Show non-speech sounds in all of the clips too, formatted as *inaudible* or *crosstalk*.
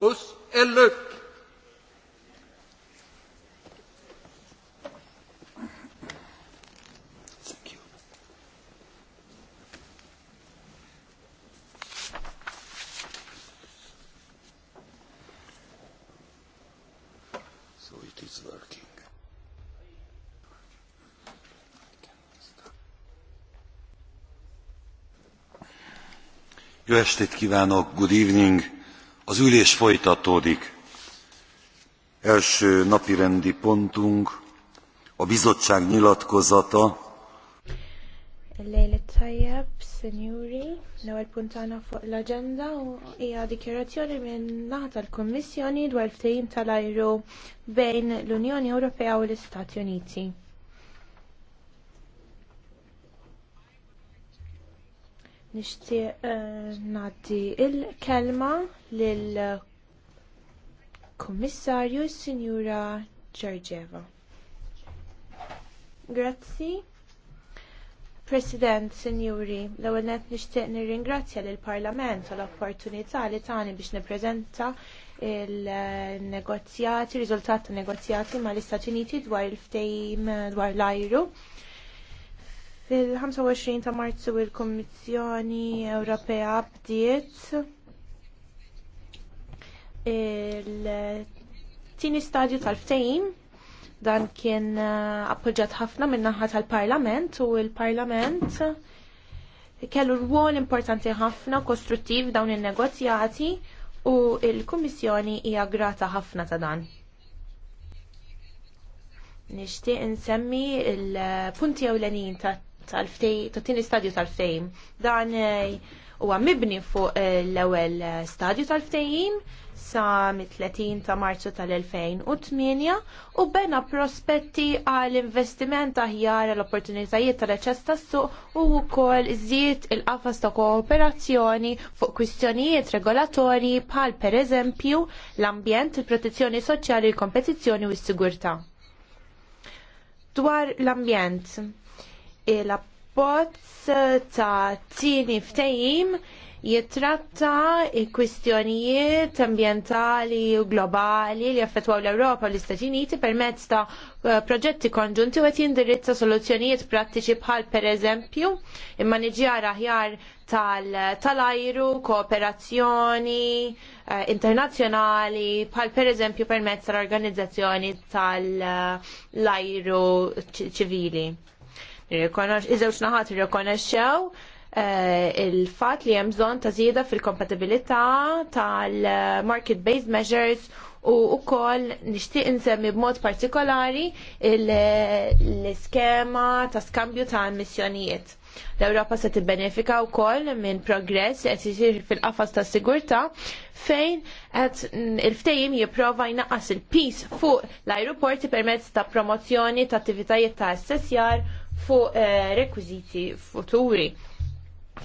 Us elluk. Jó estét kívánok, good evening. Az ülés folytatódik. Első napirendi pontunk a bizottság nyilatkozata. Lejla tajjeb, senjuri, l-ewel puntana fuq l-agenda u hija dikjarazzjoni minn naħa tal-Kummissjoni dwar ftehim tal-ajru bejn l-Unjoni Ewropea u l-Istati Uniti. Nixtieq naddi eh, ngħaddi l kelma lill kummissarju s-Signora Ġorġeva. Grazzi. President, Sinjuri, l-ewwel nett nixtieq nirringrazzja lill parlament għall opportunità li tani biex nippreżenta il-negozjati, riżultat ta' negozjati mal istati Uniti dwar il-ftejm dwar l-ajru. Fil-25 ta' Marzu il-Kommissjoni Ewropea bdiet il-tini stadju tal-ftejn dan kien uh, appoġġat ħafna min-naħa tal-Parlament u l parlament kellu rwol importanti ħafna kostruttiv dawn in-negozjati u il-Kummissjoni hija grata ħafna ta' dan. Nixtieq insemmi il-punti ewlenin ta' tal-ftejn, stadju tal-ftejn. Dan eh, huwa mibni fuq eh, l-ewwel eh, stadju tal-ftejjin sa mit-30 ta' Marzu tal-2008 u bena prospetti għal investiment aħjar l-opportunitajiet tal-eċess tas-suq u wkoll iżjed il-qafas ta' kooperazzjoni fuq kwistjonijiet regolatorji bħal pereżempju l-ambjent, il-protezzjoni soċjali, il-kompetizzjoni u s-sigurtà. Dwar l-ambjent, il-abbozz ta' tini ftejim jitratta kwistjonijiet ambientali u globali li affettwaw l-Europa u l-Istati Uniti permezz ta' proġetti konġunti u qed jindirizza soluzzjonijiet prattiċi bħal pereżempju immaniġjar aħjar tal-ajru, tal kooperazzjoni eh, internazzjonali bħal pereżempju permezz tal-organizzazzjoni tal-ajru ċivili. Iżewġ naħat irrikonexxew eh, il-fat li hemm bżonn ta' żieda fil-kompatibilità tal-market based measures u wkoll nixtieq insemmi b'mod partikolari l-iskema ta' skambju ta' missjonijiet. L-Ewropa se tibbenefika wkoll minn progress li qed isir fil-qafas tas sigurtà fejn qed il-ftehim jipprova jnaqqas il-peace fuq l-ajruporti permezz ta' promozzjoni ta' attivitajiet ta' assessjar fuq eh, rekwiziti futuri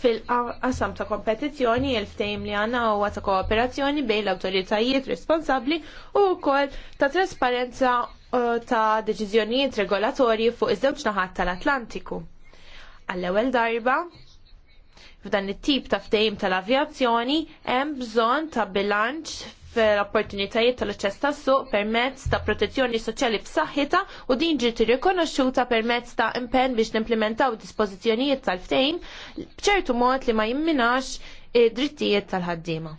fil-qasam ta' kompetizzjoni il-ftejm li għanna huwa ta' kooperazzjoni bejn l-autoritajiet responsabli u wkoll ta' trasparenza eh, ta' deċiżjonijiet regolatorji fuq iż-żewġ naħat tal-Atlantiku. Għall-ewwel darba f'dan it-tip ta' ftehim tal-avjazzjoni hemm bżonn ta' bilanċ fl-opportunitajiet tal-aċċess tas-suq permezz ta' protezzjoni soċjali b'saħħita u din ġiet irrikonoxxuta permezz ta' impenn biex nimplementaw dispożizzjonijiet tal-ftehim b'ċertu mod li ma jimminax id-drittijiet tal-ħaddiema.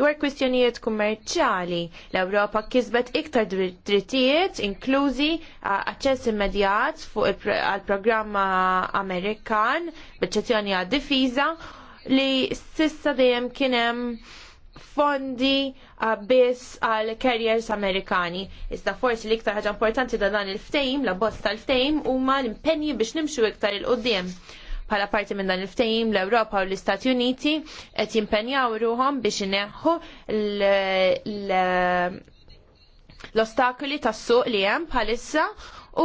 Dwar kwistjonijiet kummerċjali, l-Ewropa kisbet iktar drittijiet, inklużi aċċess immedjat fuq il-programma Amerikan, b'eċċezzjoni għad-difiża, li sissa dejjem kien hemm fondi biss għal carriers Amerikani. Iżda forsi li iktar ħaġa importanti da dan il-ftejm, la bost tal-ftejm, huma l-impenji biex nimxu iktar il-qoddim. Bħala parti minn dan il ftejm l-Ewropa u l-Istati Uniti qed jimpenjaw ruhom biex ineħħu l l ostakli tas-suq li hemm bħalissa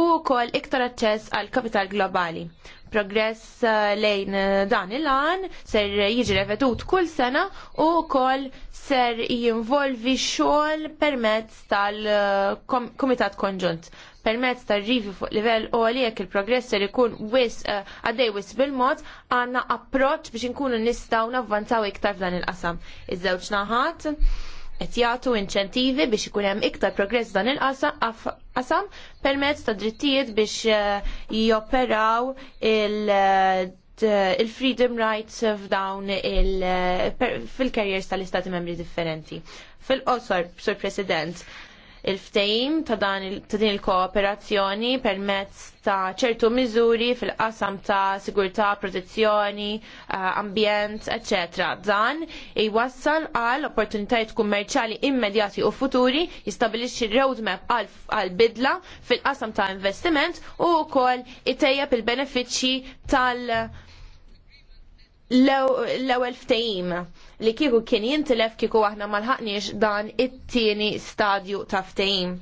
u wkoll iktar aċċess għal kapital globali. Progress eh, lejn eh, dan il-għan ser jiġi revedut kull sena u wkoll ser jinvolvi xogħol permezz tal-Komitat eh, Konġunt. Permezz tal-rivi fuq livell u jekk il-progress ser ikun wis għaddej wis bil-mod għandna approċċ biex inkunu nistgħu navvanzaw iktar f'dan il-qasam. Iż-żewġ naħat qed jagħtu inċentivi biex ikun hemm iktar progress dan il-qasam permezz ta' drittijiet biex eh, joperaw il-freedom eh, rights f'dawn eh, fil-karriers tal-istati membri differenti. Fil-qosor, Sur President, il-ftejim ta' din il-kooperazzjoni permezz ta' ċertu miżuri fil-qasam ta' sigurtà, protezzjoni, eh, ambjent, ecc. Dan jwassal għal opportunitajiet kummerċali immedjati u futuri, jistabilixxi roadmap għal bidla fil-qasam ta' investiment u wkoll itejjeb il-benefiċċji tal- l-ewel ftehim li kieku kien jintilef kieku aħna malħaqniex dan it-tieni stadju ta' ftehim.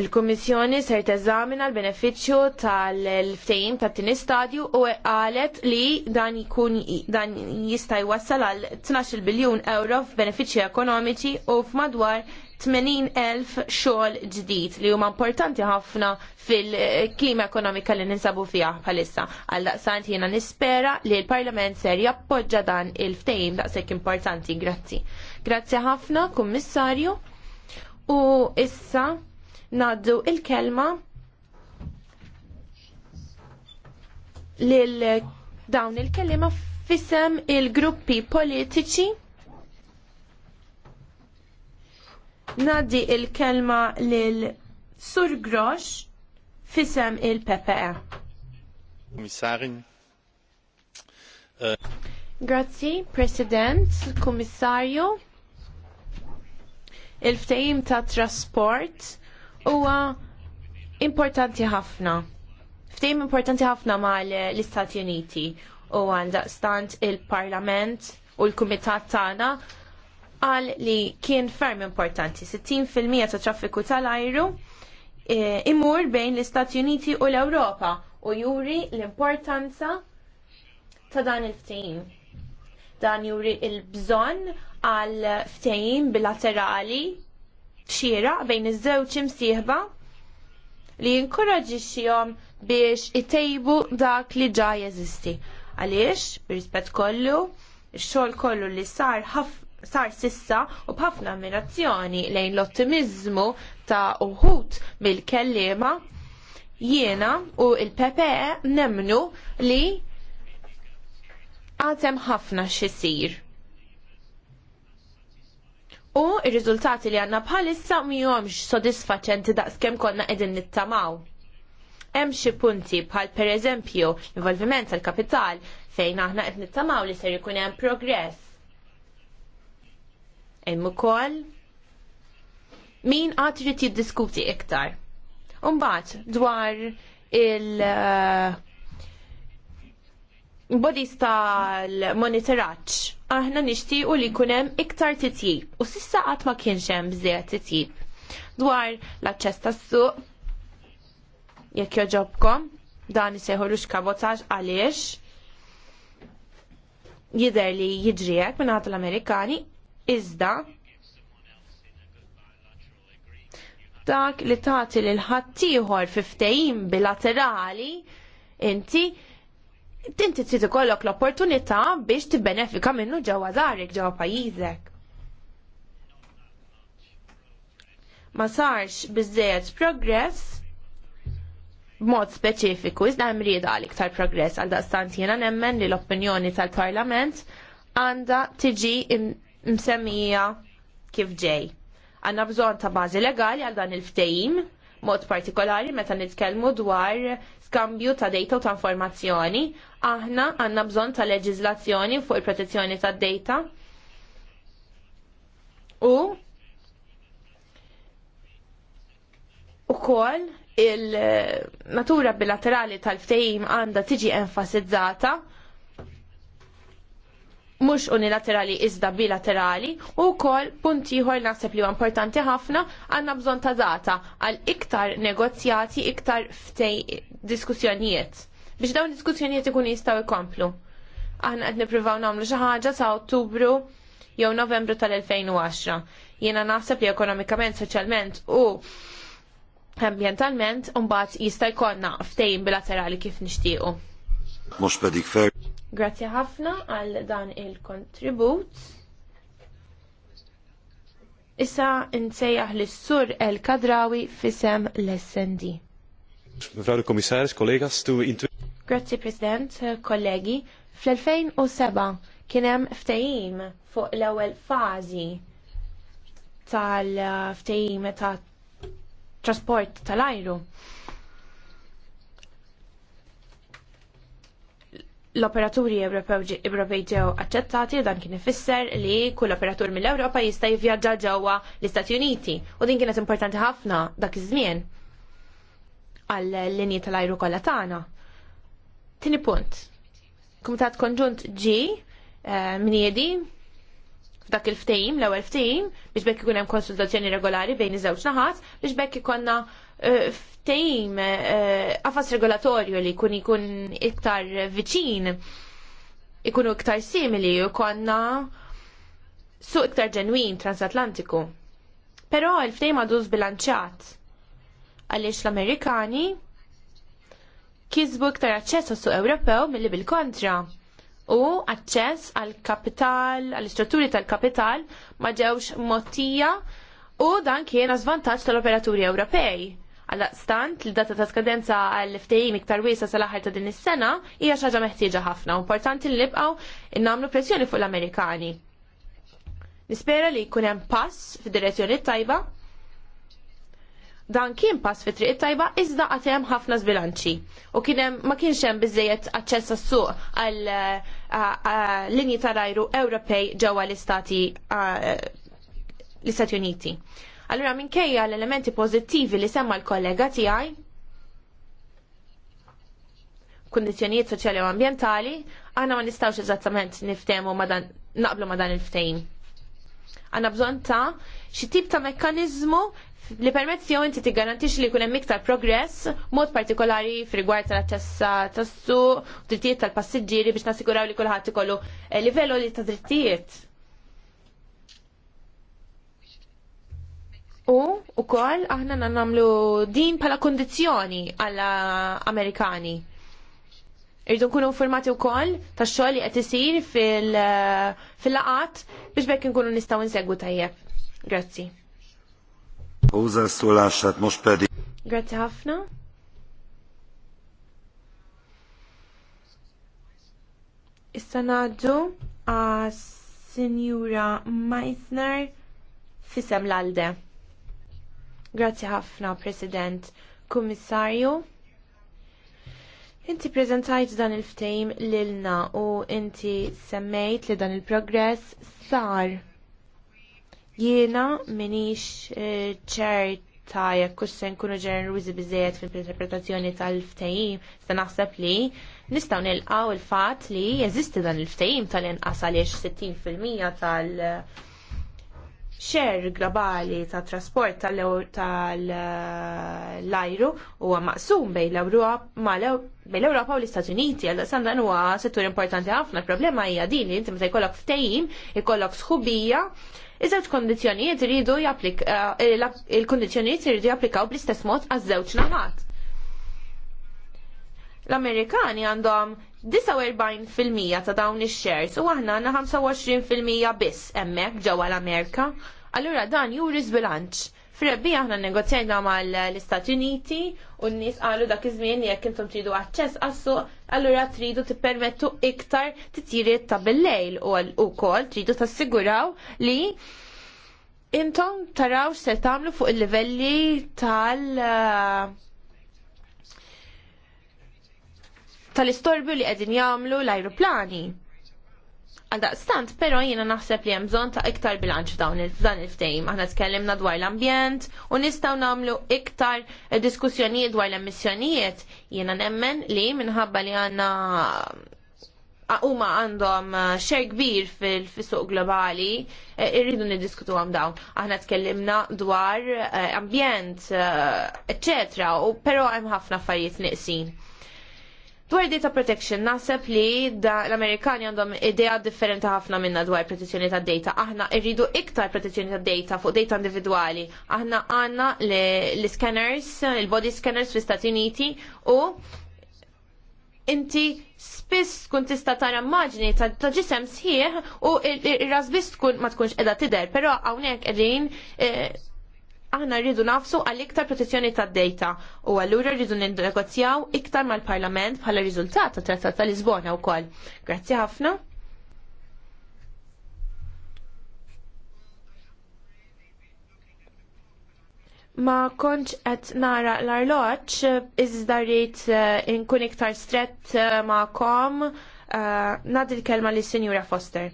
Il-Kummissjoni ser teżamina l-benefiċċju tal-ftehim ta' tini stadju u qalet li dan jkun dan jista' jwassal għal 12 biljun euro f'benefiċċji ekonomiċi u f'madwar 80,000 xogħol ġdid li huma importanti ħafna fil-klima ekonomika li ninsabu fiha bħalissa. Għal daqsant jiena nispera li l-Parlament ser jappoġġa dan il-ftehim daqshekk importanti. Grazzi. Grazzi ħafna, Kummissarju. U issa naddu il-kelma lil dawn il-kelima fissem il-gruppi politiċi Naddi il-kelma lil Sur Grosh fissem il-PPE. Kommissarin. Uh... Grazzi, President, Kummissarju. Il-ftehim ta' trasport huwa importanti ħafna. Ftehim importanti ħafna mal l-Istati Uniti u stant il-Parlament u l-Kumitat tagħna qal li kien ferm importanti. 60% ta' traffiku tal-ajru e, imur bejn l-Istati Uniti u l-Ewropa u juri l-importanza ta' dan il-ftehim. Dan juri il-bżonn għal ftehim bilaterali xira bejn iż-żewġ imsieħba li jinkoraġixxihom biex itejbu dak li ġa jeżisti. Għaliex, b'rispett kollu, ix-xogħol kollu li sar ħaf sar sissa u b'ħafna ammirazzjoni lejn l-ottimizmu ta' uħut bil kellima jiena u il-PPE nemnu li għatem ħafna xisir. U il-rizultati li għanna bħalissa miħomx sodisfaċenti daqskem konna edin nittamaw. Hemm xi punti bħal pereżempju l-involviment tal-kapital fejn aħna qed nittamaw li ser jkun hemm progress. Hemm ukoll min qatt irid jiddiskuti iktar. Umbagħad dwar il- eh, bodies tal-monitoraġġ aħna nixtiequ li jkun hemm iktar titjib u sissa qatt ma kienx hemm titjib. Dwar l-aċċess tas-suq jekk joġobkom dan iseħħulux kabotaġ għaliex jidher li jiġrijek minn l-Amerikani iżda dak li tagħti lil ħaddieħor fiftejn bilaterali inti tinti trid ikollok l-opportunità biex tibbenefika minnu ġewwa darek ġewwa pajjiżek. Ma sarx biżejjed progress b'mod speċifiku, iżda hemm rieda għal iktar progress għal daqstant jiena nemmen li l-opinjoni tal-Parlament għandha tiġi msemmija kif ġej. Għanna bżonn ta' bażi legali għal dan il-ftehim, mod partikolari meta nitkellmu dwar skambju ta' data u ta' informazzjoni. Aħna għandna bżonn ta' leġiżlazzjoni fuq il-protezzjoni ta' data. U ukoll il-natura bilaterali tal-ftehim għandha tiġi enfasizzata mhux unilaterali iżda bilaterali u wkoll punt ieħor naħseb li huwa importanti ħafna għandna bżonn ta' data għal iktar negozjati, iktar ftej diskussjonijiet. Biex dawn diskussjonijiet ikun jistgħu jkomplu. Aħna qed nippruvaw nagħmlu xi ħaġa sa' Ottubru jew Novembru tal-2010. Jiena naħseb li ekonomikament, soċjalment u ambjentalment mbagħad jista' jkollna ftejn bilaterali kif nixtiequ. Mhux pedik fer Grazzi ħafna għal dan il-kontribut. Issa nsejjaħ l sur El Kadrawi fisem l-SND. Mevrouw Grazzi President, kollegi. Fl-2007 kien hemm ftehim fuq l-ewwel fażi tal-ftehim ta' trasport tal-ajru. l-operaturi Ewropej ġew aċċettati dan kien ifisser li kull operatur mill-Ewropa jista' jivvjaġġa ġewwa l-Istati Uniti u din kienet importanti ħafna dak iż-żmien għal linji tal-ajru kollha tagħna. Tieni punt. Kumitat Konġunt ġi eh, mniedi f'dak il ftejm l-ewwel ftejm, biex bekk ikun hemm konsultazzjoni regolari bejn iż-żewġ naħat, biex bekk ikonna e, ftejm e, qafas regolatorju li jkun ikun iktar viċin, ikunu iktar simili u konna suq iktar ġenwin transatlantiku. Però il ftejm għadu zbilanċat għaliex l-Amerikani kisbu iktar aċċess su suq Ewropew milli bil-kontra u aċċess għal kapital, għal istrutturi tal-kapital ma ġewx mottija u dan kien għazvantaċ tal-operaturi Ewropej. Għalla stant li data ta' skadenza għall ftehim iktar wiesa sal-aħħar ta' din is-sena hija xi ħaġa meħtieġa ħafna. Importanti li nibqgħu nagħmlu pressjoni fuq l-Amerikani. Nispera li jkun hemm pass fid-direzzjoni tajba dan kien pass fi triq tajba iżda għatem hemm ħafna zbilanċi. U kien hemm ma kienx hemm biżejjed aċċess għas-suq għal linji tal-ajru Ewropej ġewwa l-Istati l-Istati Uniti. Allura minkejja l-elementi pożittivi li semma l-kollega tiegħi kundizzjonijiet soċjali u ambjentali, aħna ma nistawx eżattament niftehmu naqblu ma dan il ftejn Għandna bżonn ta' xi tip ta' mekkaniżmu li permezz jow inti tiggarantix li jkun hemm iktar progress mod partikolari f'rigward tal-aċċess tas-suq, drittijiet tal-passiġġieri biex nassiguraw li kulħadd ikollu eh, livello li ta' drittijiet. U ukoll aħna nagħmlu din bħala kondizjoni għall Amerikani. Irridu nkunu informati wkoll tax-xogħol li qed isir eh, fil-laqat biex bekk nkunu nistgħu nsegwu tajjeb. Grazzi. Hozzászólását Grazie ħafna. Issa naġġu għas Sinjura Meissner fisem l-alde. Grazie ħafna, President, Kummissarju. Inti prezentajt dan il-ftejm lilna u inti semmejt li dan il-progress sar Jiena minix eh, ċerta jekk se nkunu ġenerużi bizzejet fil-interpretazzjoni tal-ftehim, se naħseb li nistgħu nilqgħu il-fatt li jeżisti dan il ftejim tal-inqas għaliex 60% tal- xer globali ta' trasport tal-ajru huwa maqsum bejn l-Ewropa u l-Istati Uniti. Għal sandan huwa settur importanti ħafna. Il-problema hija din li inti meta jkollok ftehim, ikollok sħubija Iżewġ kondizjonijiet kondizzjonijiet iridu eh, il kondizjonijiet iridu japplikaw bl-istess mod għaż-żewġ naħat. L-Amerikani għandhom 49% ta' dawn ix-shares u aħna għandna 25% biss hemmhekk ġewwa l-Amerika. Allura dan juri żbilanċ Frebbi aħna negozjajna mal-Istati Uniti u n-nies qalu dak iż-żmien jekk intom tridu aċċess għassu, allura tridu tippermettu iktar titjiriet ta' bil-lejl u wkoll tridu tassiguraw li intom taraw se tagħmlu fuq il-livelli tal- tal-istorbju li qegħdin jagħmlu l-ajruplani. Għaldaqstant, pero jiena naħseb li hemm bżonn ta' iktar bilanċ f'dawn dan il-ftehim. Aħna tkellimna dwar l-ambjent u nistgħu nagħmlu iktar eh, diskussjonijiet dwar l-emissjonijiet. Jiena nemmen li minħabba li għandna huma għandhom xer eh, kbir fil fisuq globali, eh, irridu niddiskutu għam dawn. Aħna tkellimna dwar ambjent, eccetera, u però hemm ħafna affarijiet neqsin. Dwar data protection, naħseb li l-Amerikani għandhom idea differenti ħafna minna dwar protezzjoni ta' data. Aħna irridu iktar protezzjoni ta' data fuq data individuali. Aħna għanna l-scanners, il-body scanners fl istati Uniti u inti spiss tkun tista' tara immaġni ta' ġisem sħiħ u ir-ras biss tkun ma tkunx qiegħda tidher, però hawnhekk qegħdin eh, aħna rridu nafsu għal iktar protezzjoni tad data u allura rridu nindegozjaw iktar mal-Parlament bħala riżultat tat Trattat ta' Lisbona wkoll. Grazzi ħafna. Ma konċ qed nara l-arloġġ iżda rrid eh, inkun iktar stret eh, ma' kom eh, nad il-kelma lis-Sinjura Foster.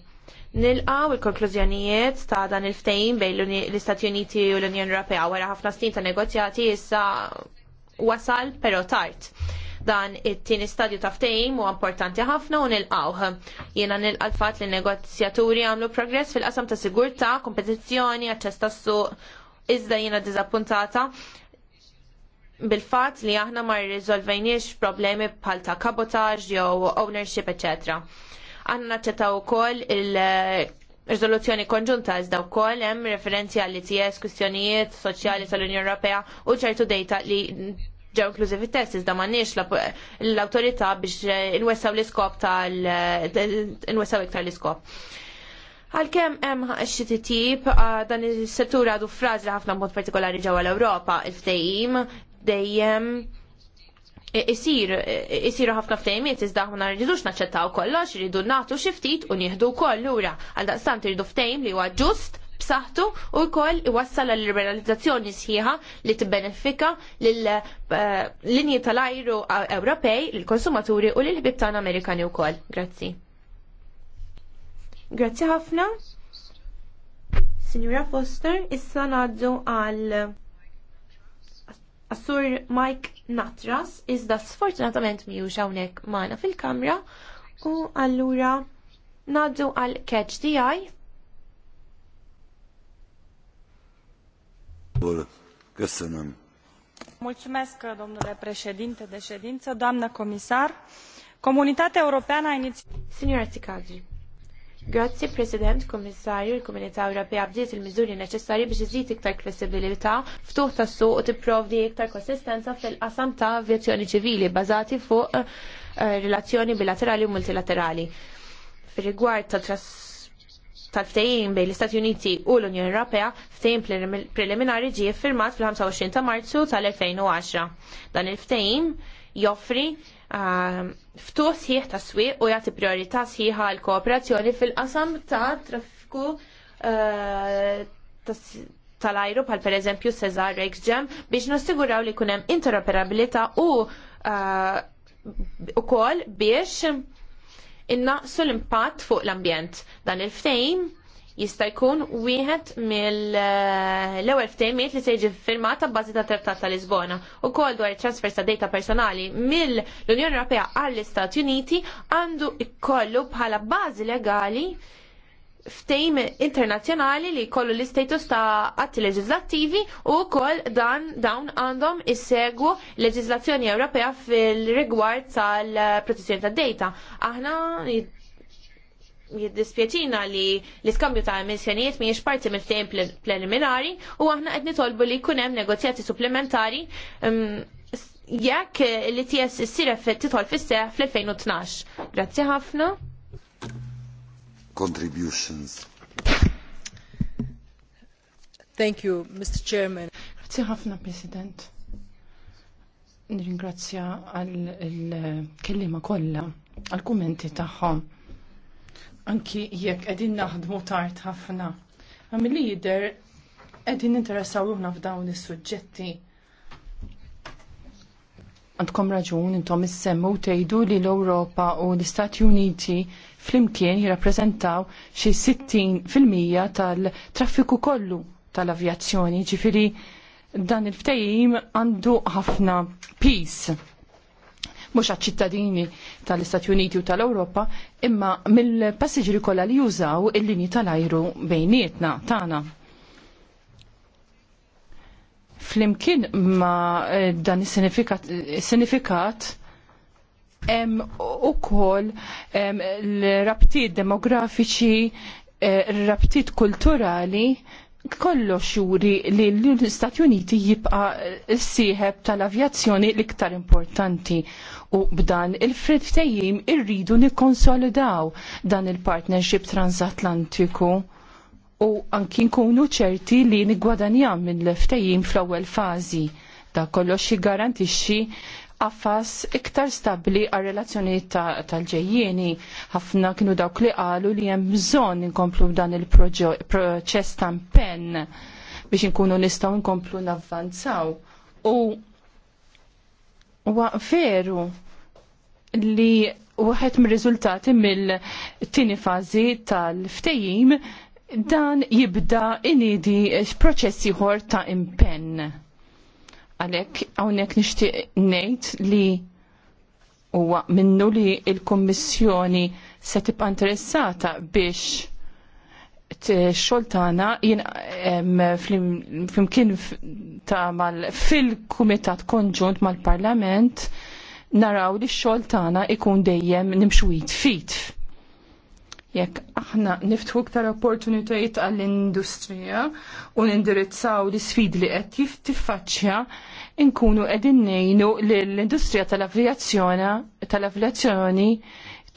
Nilqaw il-konklużjonijiet ta' dan il-ftejn bejn l-Istati Uniti u l-Unjoni Ewropea wara ħafna snin ta' negozjati issa wasal però tard. Dan it-tieni stadju ta' ftehim huwa importanti ħafna u nilqawh. Jiena nilqa' l-fatt li negozjaturi għamlu progress fil-qasam ta' sigurtà, kompetizzjoni, aċċess tas-suq iżda jiena diżappuntata bil-fatt li aħna ma rriżolvejniex problemi bħal ta' kabotaġġ jew ownership, eċċetera Għanna naċċettaw ukoll il- eh, Rizoluzzjoni konġunta iżda wkoll hemm referenzi għall ITS, kwistjonijiet soċjali tal-Unjoni Europea u ċertu dejta li ġew inklużi test iżda m'għandniex l-awtorità biex eh, inwessaw l-iskop tal eh, inwessaw iktar l-iskop. Għalkemm hemm xi tip dan is-settur għadu frażi ħafna mod partikolari ġewwa l-Ewropa, il-ftehim dejjem isir isiru ħafna ftejmiet iżda aħna rridux naċċettaw kollox, rridu nagħtu xi ftit u nieħdu wkoll lura. Għaldaqstant irridu ftejm li huwa ġust b'saħħtu u wkoll iwassal għal liberalizzazzjoni sħiħa li tibbenefika l eh, linji tal-ajru Ewropej, lill-konsumaturi u l ħbib tagħna Amerikani wkoll. Grazzi. Grazzi ħafna. Signora Foster, issa ngħaddu għal Assur Mike Natras iżda sfortunatament mi hawnhekk magħna fil-kamra u allura naddu għal catch di għaj. Köszönöm. Mulțumesc, domnule președinte de ședință, doamnă comisar. Comunitatea Europeană a inițiat... Signora Ticadri. Grazzi President Kommissarju l-Komunità Ewropea bdiet il-miżuri neċessarji biex iżid iktar flessibilità ftuħ tas-suq u tipprovdi iktar konsistenza fil-qasam ta' avjazzjoni ċivili bażati fuq eh, relazzjoni bilaterali u multilaterali. Fir-rigward ta' tal-ftehim bejn l-Istati Uniti u l-Unjoni Ewropea ftehim preliminari ġie ffirmat fil-25 ta' Marzu tal-2010. Dan il-ftehim joffri Um, ftuħ sħiħ ta' swieq u jagħti priorità sħiħa għal kooperazzjoni fil-qasam ta' traffiku uh, tal-ajru pal per eżempju Cesar Rexgem biex nassiguraw li kunem interoperabilità u u uh, kol biex innaqsu l-impatt fuq l-ambjent. Dan il-ftejn jista' jkun wieħed mill-ewwel ftehimiet li se jiġi firmata bbażi ta' Trattat ta' Lisbona. Ukoll dwar it-transfer ta' data personali mill-Unjoni Ewropea għall-Istati Uniti għandu jkollu bħala bażi legali ftejm internazzjonali li kollu l-istatus ta' atti leġislattivi u wkoll dan dawn għandhom issegwu leġislazzjoni Ewropea fil-rigward tal-protezzjoni tad data. Aħna jiddispjaċina li l-iskambju ta' emissjonijiet miex parti mill-ftehim preliminari u aħna qed nitolbu li jkun hemm negozjati supplementari um, jekk li ts issir titħol fis-seħ fl-2012. Grazzi ħafna. Contributions. Thank you, Mr. Chairman. Grazzi ħafna, President. Nringrazzja għal-kellima kollha, għal kumenti tagħhom anki jekk qegħdin naħdmu tard ħafna. Ma milli jidher qegħdin interessawuna f'dawn is-suġġetti. Għandkom raġun intom issemmu tgħidu li l-Ewropa u l-Istati Uniti flimkien jirrappreżentaw xi 60% tal-traffiku kollu tal-avjazzjoni, ġifiri dan il-ftejim għandu ħafna peace mux ċittadini tal-Istati Uniti u tal-Ewropa imma mill-passiġri kollha li jużaw il-linji tal-ajru bejnietna tagħna. Flimkien ma eh, dan is-sinifikat hemm ukoll l-rabtiet demografiċi, eh, rabtiet kulturali kollox juri li l-Istati Uniti jibqa' s-sieħeb tal-avjazzjoni l-iktar importanti u b'dan il-frittejjim irridu nikkonsolidaw dan il-partnership transatlantiku u anki nkunu ċerti li nigwadanjam minn l-ftejjim fl-ewwel fażi da kollox jiggarantixxi għaffas iktar stabbli għal relazzjonijiet tal-ġejjieni. Ħafna kienu dawk li qalu li hemm bżonn inkomplu dan il-proċess ta' impenn biex inkunu nistgħu nkomplu navvanzaw. U veru li waħed mir-riżultati mill-tieni fażi tal-ftejjim dan jibda inidi proċessi ieħor ta' impenn Għalek, għonek nishtiq nejt li huwa minnu li il-Kommissjoni se tibqa' interessata biex xoltana jien flimkien ta' mal fil-kumitat konġunt mal-parlament naraw li x-xogħol tagħna ikun dejjem nimxu fit jekk aħna niftħu ktar opportunitajiet għall-industrija u nindirizzaw l sfidi li qed tiffaċċja nkunu qegħdin ngħinu li l-industrija tal-avjazzjoni tal-avjazzjoni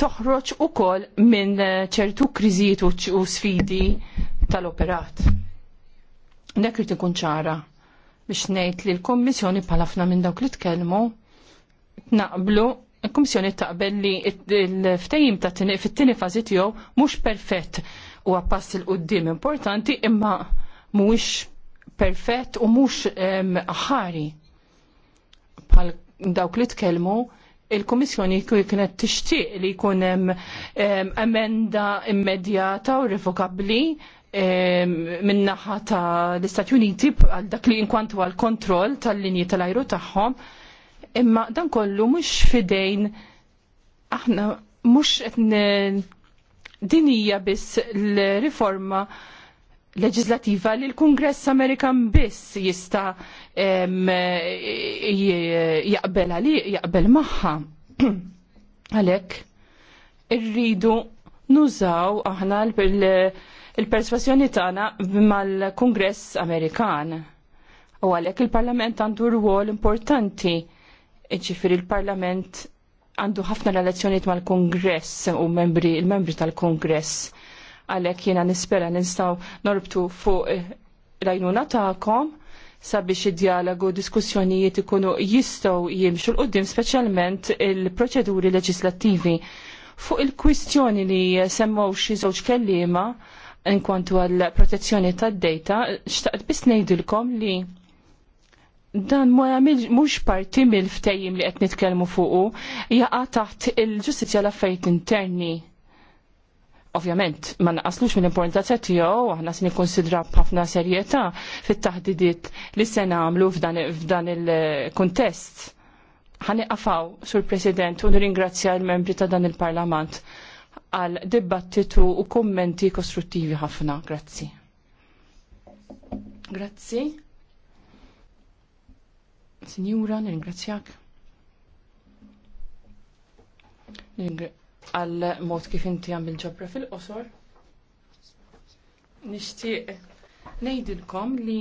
toħroġ ukoll minn ċertu kriżijiet u sfidi tal-operat. Dak li ikun ċara biex ngħid li l-Kommissjoni bħal ħafna minn dawk li tkellmu naqblu il kumissjoni taqbel li il-ftejim ta' fit-tieni fażi tiegħu mhux perfett u għapass il-qoddim importanti imma mhuwiex perfett u mhux ehm, ħari. Bħal dawk li tkellmu il-Kummissjoni kienet tixtieq li jkun hemm ehm, emenda immedjata u revokabbli ehm, min-naħa ta' l-Istati Uniti għal dak li inkwantu għal kontroll tal-linji tal-ajru tagħhom imma dan kollu mhux fidejn aħna mhux qed dinija biss l-riforma leġislativa li l-Kongress Amerikan biss jista' jaqbel għali jaqbel magħha. *clears throat* Għalhekk irridu nużaw aħna il-perswasjoni tagħna mal-Kongress Amerikan. U għalhekk il-Parlament għandu rwol importanti Ġifiri il-Parlament għandu ħafna relazzjoniet mal-Kongress u membri, il-membri tal-Kongress. Għalek jena nispera nistaw norbtu fuq rajnuna eh, ta'kom sabiex id-dialogu, diskussjonijiet ikunu jistaw jimxu l-qoddim specialment il-proċeduri leġislattivi. Fuq il-kwistjoni li semmow xi żewġ kellima inkwantu għal protezzjoni tad-data, xtaqt bis ngħidilkom li dan ma jagħmilx mhux parti mill-ftejjim li qed nitkellmu fuqu jaqa' taħt il-ġustizzja l-affarijiet interni. Ovvjament, ma naqaslux mill-importanza tiegħu aħna se nikkonsidra b'ħafna serjetà fit-taħdidiet li se nagħmlu f'dan il-kuntest. Ħaniqafaw, Sur President, u nirringrazzja l-membri ta' dan il-Parlament għal dibattitu u kummenti kostruttivi ħafna. Grazzi. Grazzi. Sinjura, nirringrazzjak. Għal mod kif inti għam bil ġabra fil-qosor. Nishtiq nejdilkom li